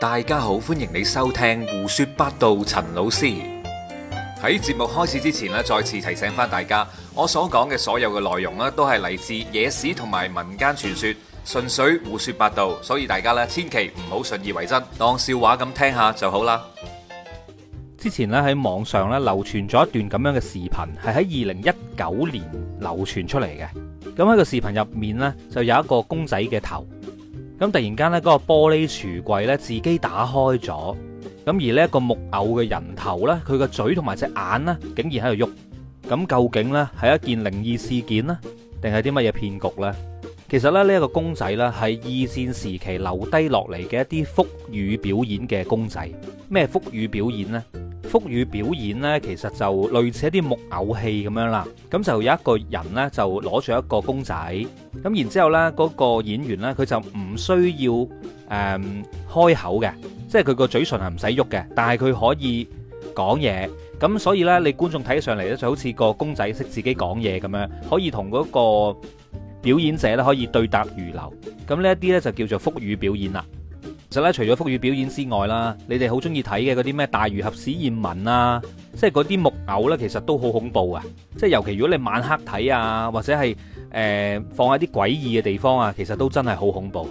大家好，歡迎你收聽胡說八道。陳老師喺節目開始之前咧再次提醒翻大家，我所講嘅所有嘅內容咧都係嚟自野史同埋民間傳說，純粹胡說八道，所以大家咧千祈唔好信以為真，當笑話咁聽下就好啦。之前咧喺網上咧流傳咗一段咁樣嘅視頻，係喺二零一九年流傳出嚟嘅。咁喺個視頻入面呢就有一個公仔嘅頭。咁突然間呢，嗰個玻璃櫥櫃呢，自己打開咗，咁而呢一個木偶嘅人頭呢，佢個嘴同埋隻眼呢，竟然喺度喐。咁究竟呢，係一件靈異事件呢？定係啲乜嘢騙局呢？其實咧，呢一個公仔呢，係二戰時期留低落嚟嘅一啲腹語表演嘅公仔。咩腹語表演呢？腹語表演咧，其實就類似一啲木偶戲咁樣啦。咁就有一個人咧，就攞住一個公仔。咁然之後咧，嗰個演員咧，佢就唔需要誒開口嘅，即係佢個嘴唇係唔使喐嘅。但係佢可以講嘢。咁所以咧，你觀眾睇上嚟咧，就好似個公仔識自己講嘢咁樣，可以同嗰個表演者咧，可以對答如流。咁呢一啲咧，就叫做腹語表演啦。其實咧，除咗腹語表演之外啦，你哋好中意睇嘅嗰啲咩大儒俠史艷文啊，即係嗰啲木偶呢，其實都好恐怖啊！即係尤其如果你晚黑睇啊，或者係誒、呃、放喺啲詭異嘅地方啊，其實都真係好恐怖。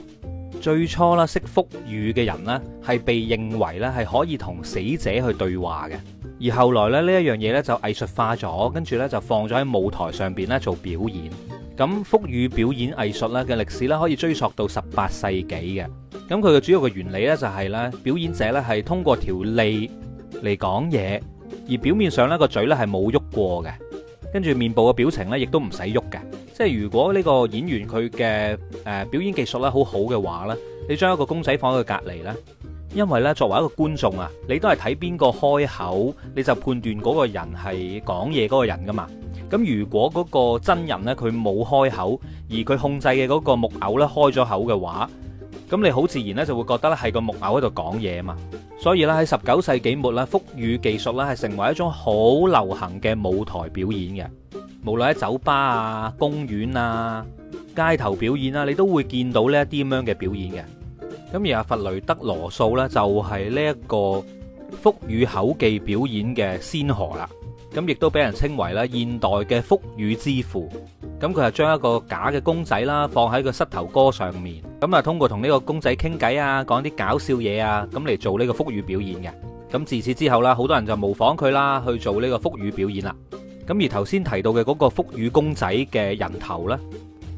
最初啦，識腹語嘅人呢，係被認為咧係可以同死者去對話嘅，而後來咧呢一樣嘢呢，就藝術化咗，跟住呢就放咗喺舞台上邊咧做表演。咁腹語表演藝術咧嘅歷史呢，可以追溯到十八世紀嘅。咁佢嘅主要嘅原理呢，就係呢表演者呢，係通過條脷嚟講嘢，而表面上呢個嘴呢，係冇喐過嘅，跟住面部嘅表情呢，亦都唔使喐嘅。即係如果呢個演員佢嘅誒表演技術呢好好嘅話呢，你將一個公仔放喺佢隔離呢，因為呢作為一個觀眾啊，你都係睇邊個開口，你就判斷嗰個人係講嘢嗰個人噶嘛。咁如果嗰個真人呢，佢冇開口，而佢控制嘅嗰個木偶呢，開咗口嘅話，咁你好自然咧就會覺得咧係個木偶喺度講嘢嘛，所以咧喺十九世紀末啦，腹語技術咧係成為一種好流行嘅舞台表演嘅，無論喺酒吧啊、公園啊、街頭表演啊，你都會見到呢一啲咁樣嘅表演嘅。咁而阿弗雷德羅素咧就係呢一個腹語口技表演嘅先河啦。咁亦都俾人稱為咧現代嘅腹語之父，咁佢係將一個假嘅公仔啦放喺個膝頭哥上面，咁啊通過同呢個公仔傾偈啊，講啲搞笑嘢啊，咁嚟做呢個腹語表演嘅。咁自此之後啦，好多人就模仿佢啦去做呢個腹語表演啦。咁而頭先提到嘅嗰個腹語公仔嘅人頭呢，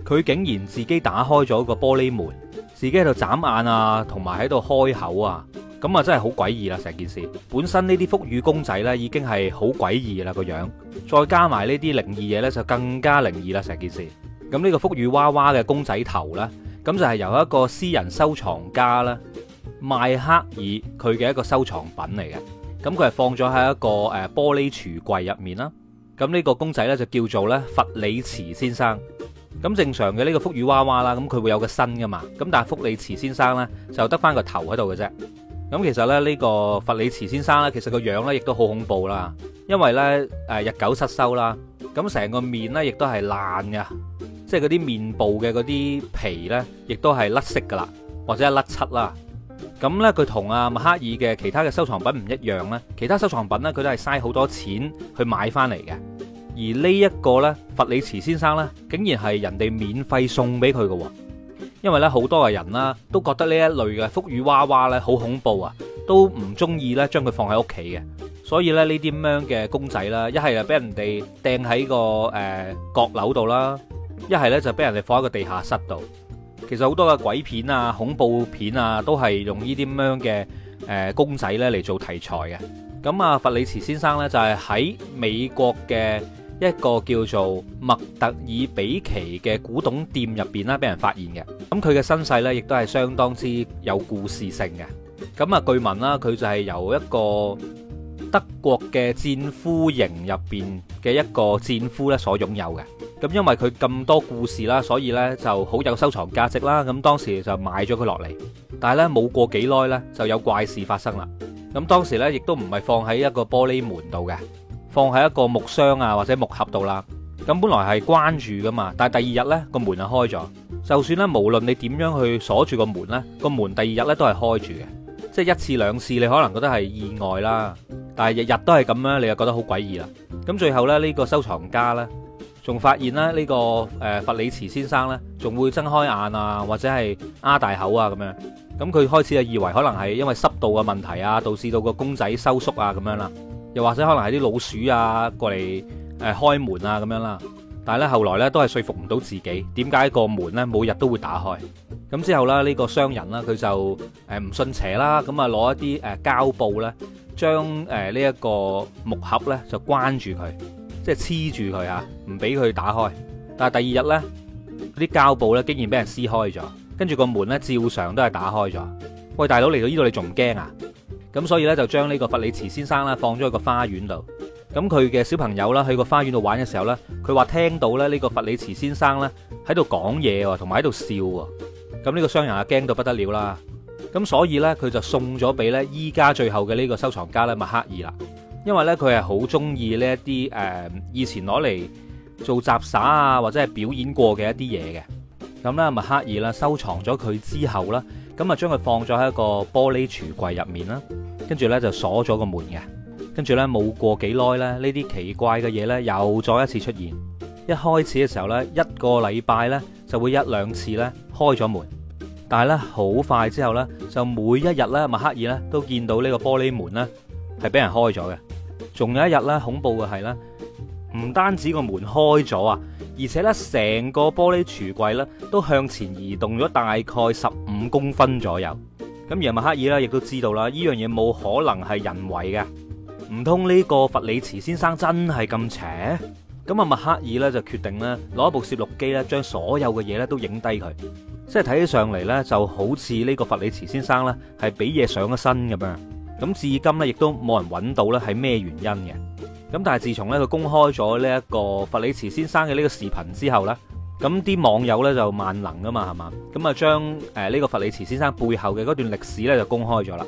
佢竟然自己打開咗個玻璃門，自己喺度眨眼啊，同埋喺度開口啊。咁啊，真係好詭異啦！成件事本身呢啲腹語公仔呢已經係好詭異啦個樣，再加埋呢啲靈異嘢呢，就更加靈異啦！成件事咁呢個腹語娃娃嘅公仔頭呢，咁就係由一個私人收藏家啦，邁克爾佢嘅一個收藏品嚟嘅。咁佢係放咗喺一個玻璃櫥櫃入面啦。咁呢個公仔呢，就叫做呢佛里茨先生。咁正常嘅呢個腹語娃娃啦，咁佢會有個身噶嘛。咁但係福里茨先生呢，就得返個頭喺度嘅啫。咁其實咧，呢個佛里茨先生咧，其實個樣咧亦都好恐怖啦，因為咧日久失收，日久失修啦，咁成個面咧亦都係爛㗎，即係嗰啲面部嘅嗰啲皮咧，亦都係甩色噶啦，或者係甩漆啦。咁咧佢同阿麥克爾嘅其他嘅收藏品唔一樣咧，其他收藏品咧佢都係嘥好多錢去買翻嚟嘅，而呢一個咧佛里茨先生咧，竟然係人哋免費送俾佢嘅喎。因為咧好多嘅人啦，都覺得呢一類嘅腹語娃娃咧好恐怖啊，都唔中意咧將佢放喺屋企嘅，所以咧呢啲咁樣嘅公仔啦，一係就俾人哋掟喺個誒閣樓度啦，一係咧就俾人哋放喺個地下室度。其實好多嘅鬼片啊、恐怖片啊，都係用呢啲咁樣嘅誒公仔咧嚟，做題材嘅。咁啊，弗里茨先生咧就係喺美國嘅，一個叫做麥特爾比奇嘅古董店入邊啦，俾人發現嘅。咁佢嘅身世咧，亦都係相當之有故事性嘅。咁啊，據聞啦，佢就係由一個德國嘅戰俘營入邊嘅一個戰俘咧所擁有嘅。咁因為佢咁多故事啦，所以咧就好有收藏價值啦。咁當時就買咗佢落嚟，但係咧冇過幾耐咧，就有怪事發生啦。咁當時咧亦都唔係放喺一個玻璃門度嘅。放喺一個木箱啊或者木盒度啦，咁本來係關住噶嘛，但係第二日呢個門就開咗。就算呢，無論你點樣去鎖住個門呢，個門第二日呢都係開住嘅。即係一次兩次你可能覺得係意外啦，但係日日都係咁樣你又覺得好詭異啦。咁最後咧呢個收藏家呢仲發現咧呢個誒佛里茨先生呢仲會睜開眼啊或者係擘大口啊咁樣。咁佢開始啊以為可能係因為濕度嘅問題啊，導致到個公仔收縮啊咁樣啦。又或者可能係啲老鼠啊，過嚟誒開門啊咁樣啦。但係咧後來咧都係說服唔到自己，點解個門咧每日都會打開？咁之後啦，呢個商人啦，佢就唔信邪啦，咁啊攞一啲誒膠布咧，將呢一個木盒咧就關住佢，即係黐住佢呀，唔俾佢打開。但係第二日咧，嗰啲膠布咧竟然俾人撕開咗，跟住個門咧照常都係打開咗。喂，大佬嚟到呢度你仲唔驚啊？咁所以呢，就將呢個佛里茨先生呢放咗喺個花園度。咁佢嘅小朋友啦去個花園度玩嘅時候呢，佢話聽到咧呢個佛里茨先生呢喺度講嘢喎，同埋喺度笑喎。咁呢個商人啊驚到不得了啦。咁所以呢，佢就送咗俾呢依家最後嘅呢個收藏家咧麥克爾啦。因為呢，佢係好中意呢一啲誒以前攞嚟做雜耍啊或者係表演過嘅一啲嘢嘅。咁咧麥克爾啦收藏咗佢之後呢。咁啊，將佢放咗喺一個玻璃櫥櫃入面啦，跟住呢就鎖咗個門嘅。跟住呢冇過幾耐呢，呢啲奇怪嘅嘢呢又再一次出現。一開始嘅時候呢，一個禮拜呢就會一兩次呢開咗門，但係呢，好快之後呢，就每一日呢，麥克爾呢都見到呢個玻璃門呢係俾人開咗嘅。仲有一日呢，恐怖嘅係呢，唔單止個門開咗啊！而且咧，成個玻璃櫥櫃咧都向前移動咗大概十五公分左右。咁而阿麥克爾咧亦都知道啦，呢樣嘢冇可能係人為嘅，唔通呢個佛里茨先生真係咁邪？咁阿麥克爾咧就決定咧攞一部攝錄機咧將所有嘅嘢咧都影低佢，即係睇起上嚟咧就好似呢個佛里茨先生咧係俾嘢上咗身咁樣。咁至今咧亦都冇人揾到咧係咩原因嘅。咁但係自從咧佢公開咗呢一個弗里茨先生嘅呢個視頻之後呢，咁啲網友呢就萬能㗎嘛，係嘛？咁啊將呢個弗里茨先生背後嘅嗰段歷史呢就公開咗啦。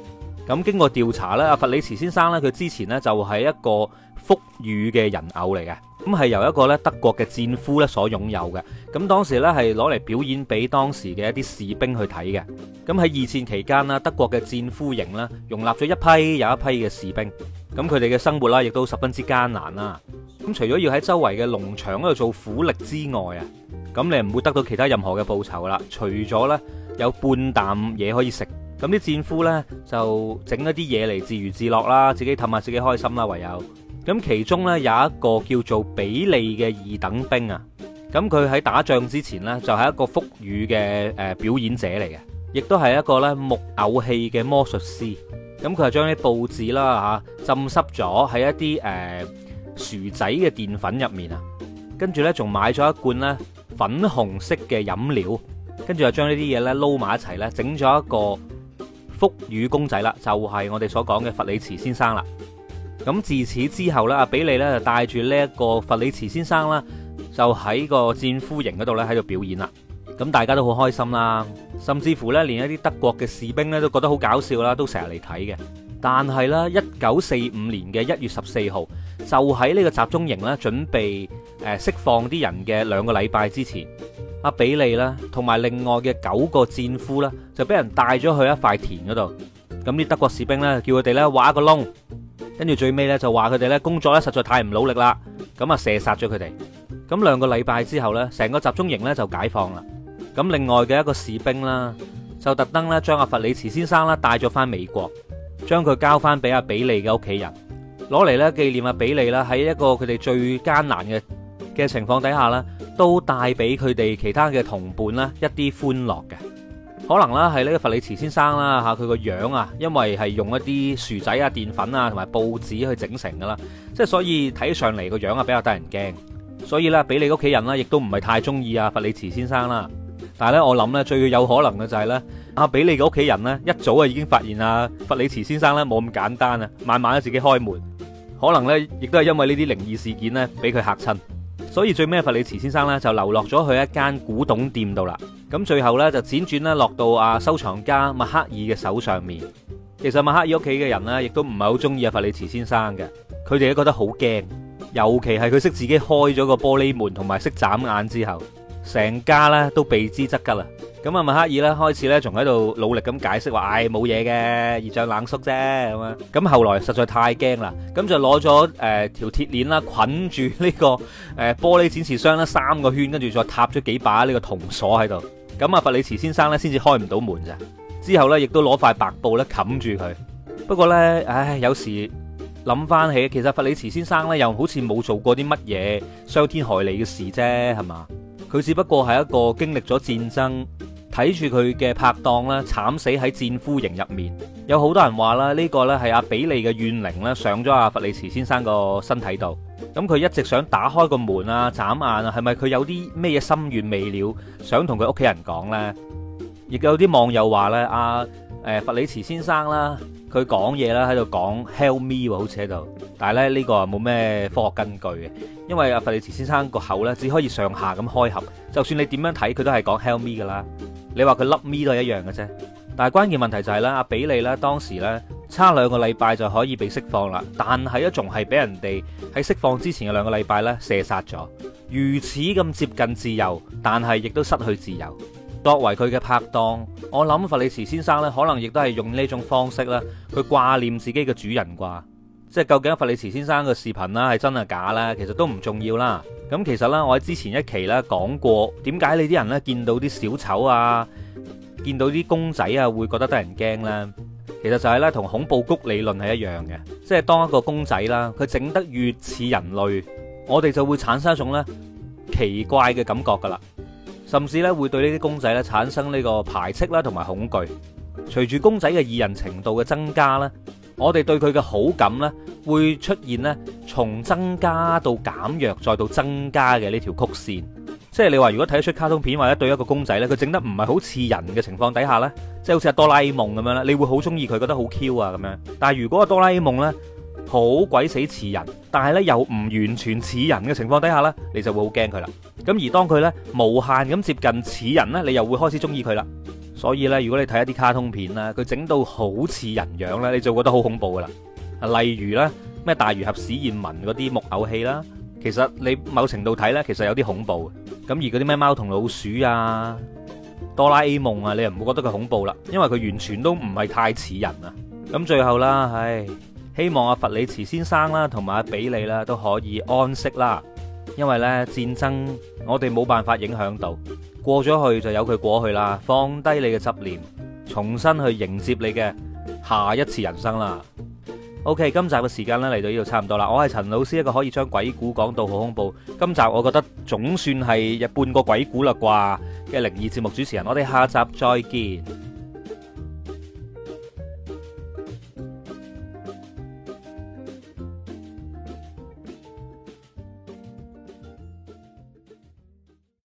咁經過調查呢，阿弗里茨先生呢，佢之前呢就係一個腹語嘅人偶嚟嘅，咁係由一個咧德國嘅戰俘呢所擁有嘅。咁當時呢係攞嚟表演俾當時嘅一啲士兵去睇嘅。咁喺二戰期間啦，德國嘅戰俘營啦，容納咗一批又一批嘅士兵。咁佢哋嘅生活啦，亦都十分之艱難啦。咁除咗要喺周圍嘅農場度做苦力之外啊，咁你唔會得到其他任何嘅報酬啦。除咗呢，有半啖嘢可以食，咁啲戰俘呢，就整一啲嘢嚟自娛自樂啦，自己氹下自己開心啦，唯有。咁其中呢，有一個叫做比利嘅二等兵啊，咁佢喺打仗之前呢，就係一個腹語嘅誒表演者嚟嘅，亦都係一個呢木偶戲嘅魔術師。咁佢就將啲報紙啦，浸濕咗喺一啲誒薯仔嘅澱粉入面啊，跟住呢，仲買咗一罐咧，粉紅色嘅飲料，跟住就將呢啲嘢呢，撈埋一齊呢，整咗一個腹語公仔啦，就係、是、我哋所講嘅佛里茨先生啦。咁自此之後呢，阿比利就帶住呢一個佛里茨先生啦，就喺個戰俘營嗰度呢，喺度表演啦。咁大家都好開心啦，甚至乎咧，連一啲德國嘅士兵咧都覺得好搞笑啦，都成日嚟睇嘅。但係咧，一九四五年嘅一月十四號，就喺呢個集中營咧，準備誒釋放啲人嘅兩個禮拜之前，阿比利啦，同埋另外嘅九個戰俘啦，就俾人帶咗去一塊田嗰度。咁啲德國士兵咧，叫佢哋咧挖一個窿，跟住最尾咧就話佢哋咧工作咧實在太唔努力啦，咁啊射殺咗佢哋。咁兩個禮拜之後咧，成個集中營咧就解放啦。咁另外嘅一個士兵啦，就特登咧將阿佛里茨先生啦帶咗翻美國，將佢交翻俾阿比利嘅屋企人攞嚟咧紀念阿比利啦。喺一個佢哋最艱難嘅嘅情況底下啦，都帶俾佢哋其他嘅同伴啦一啲歡樂嘅。可能啦，係呢個佛里茨先生啦嚇，佢個樣啊，因為係用一啲薯仔啊、澱粉啊同埋報紙去整成噶啦，即係所以睇上嚟個樣啊比較得人驚，所以咧比，比利屋企人啦，亦都唔係太中意阿佛里茨先生啦。但係咧，我諗咧，最有可能嘅就係咧，阿比利嘅屋企人咧，一早啊已經發現阿弗里茨先生咧冇咁簡單啊，慢慢咧自己開門，可能咧亦都係因為呢啲靈異事件咧，俾佢吓親，所以最尾阿弗里茨先生咧就流落咗去一間古董店度啦。咁最後咧就輾轉咧落到阿收藏家麥克爾嘅手上面。其實麥克爾屋企嘅人咧，亦都唔係好中意阿弗里茨先生嘅，佢哋都覺得好驚，尤其係佢識自己開咗個玻璃門同埋識眨眼之後。成家咧都避之則吉啦。咁啊，麥克爾咧開始咧仲喺度努力咁解釋話，唉，冇嘢嘅，熱脹冷縮啫。咁啊，咁後來實在太驚啦，咁就攞咗誒條鐵鏈啦，捆住呢、這個誒、呃、玻璃展示箱啦，三個圈，跟住再插咗幾把呢個銅鎖喺度。咁啊，佛里茨先生咧先至開唔到門咋。之後咧亦都攞塊白布咧冚住佢。不過咧，唉，有時諗翻起，其實佛里茨先生咧又好似冇做過啲乜嘢傷天害理嘅事啫，係嘛？佢只不過係一個經歷咗戰爭，睇住佢嘅拍檔啦，慘死喺戰俘營入面。有好多人話啦，呢個咧係阿比利嘅怨靈咧上咗阿佛里茨先生個身體度。咁佢一直想打開個門啊、眨眼啊，係咪佢有啲咩嘢心願未了，想同佢屋企人講呢？亦有啲網友話咧，阿誒佛里茨先生啦。佢講嘢啦，喺度講 help me 喎，好似喺度。但係咧呢個冇咩科學根據嘅，因為阿弗利茨先生個口呢，只可以上下咁開合，就算你點樣睇佢都係講 help me 㗎啦。你話佢粒咪都係一樣嘅啫。但係關鍵問題就係、是、啦，阿比利呢，當時呢，差兩個禮拜就可以被釋放啦，但係咧仲係俾人哋喺釋放之前嘅兩個禮拜呢射殺咗。如此咁接近自由，但係亦都失去自由。作為佢嘅拍檔，我諗佛里茨先生咧，可能亦都係用呢種方式咧，佢掛念自己嘅主人啩。即係究竟佛里茨先生嘅視頻啦，係真係假啦，其實都唔重要啦。咁其實呢，我喺之前一期呢講過，點解你啲人呢見到啲小丑啊，見到啲公仔啊會覺得得人驚呢？其實就係咧同恐怖谷理論係一樣嘅，即係當一個公仔啦，佢整得越似人類，我哋就會產生一種咧奇怪嘅感覺噶啦。甚至咧，會對呢啲公仔咧產生呢個排斥啦，同埋恐懼。隨住公仔嘅擬人程度嘅增加咧，我哋對佢嘅好感咧會出現咧從增加到減弱，再到增加嘅呢條曲線。即係你話，如果睇得出卡通片或者對一個公仔咧，佢整得唔係好似人嘅情況底下咧，即係好似哆啦 A 夢咁樣啦，你會好中意佢，覺得好 Q 啊咁樣。但係如果哆啦 A 夢咧，好鬼死似人，但係咧又唔完全似人嘅情況底下呢，你就會好驚佢啦。咁而當佢呢無限咁接近似人呢，你又會開始中意佢啦。所以呢，如果你睇一啲卡通片啦，佢整到好似人樣呢，你就會覺得好恐怖噶啦。例如呢咩大魚俠史艷文嗰啲木偶戲啦，其實你某程度睇呢，其實有啲恐怖。咁而嗰啲咩貓同老鼠啊、哆啦 A 夢啊，你又唔會覺得佢恐怖啦？因為佢完全都唔係太似人啊。咁最後啦，唉。希望阿弗里茨先生啦，同埋阿比利啦，都可以安息啦。因為咧戰爭，我哋冇辦法影響到，過咗去就由佢過去啦。放低你嘅執念，重新去迎接你嘅下一次人生啦。OK，今集嘅時間咧嚟到呢度差唔多啦。我係陳老師一個可以將鬼故講到好恐怖。今集我覺得總算係有半個鬼故啦啩嘅靈異節目主持人。我哋下集再見。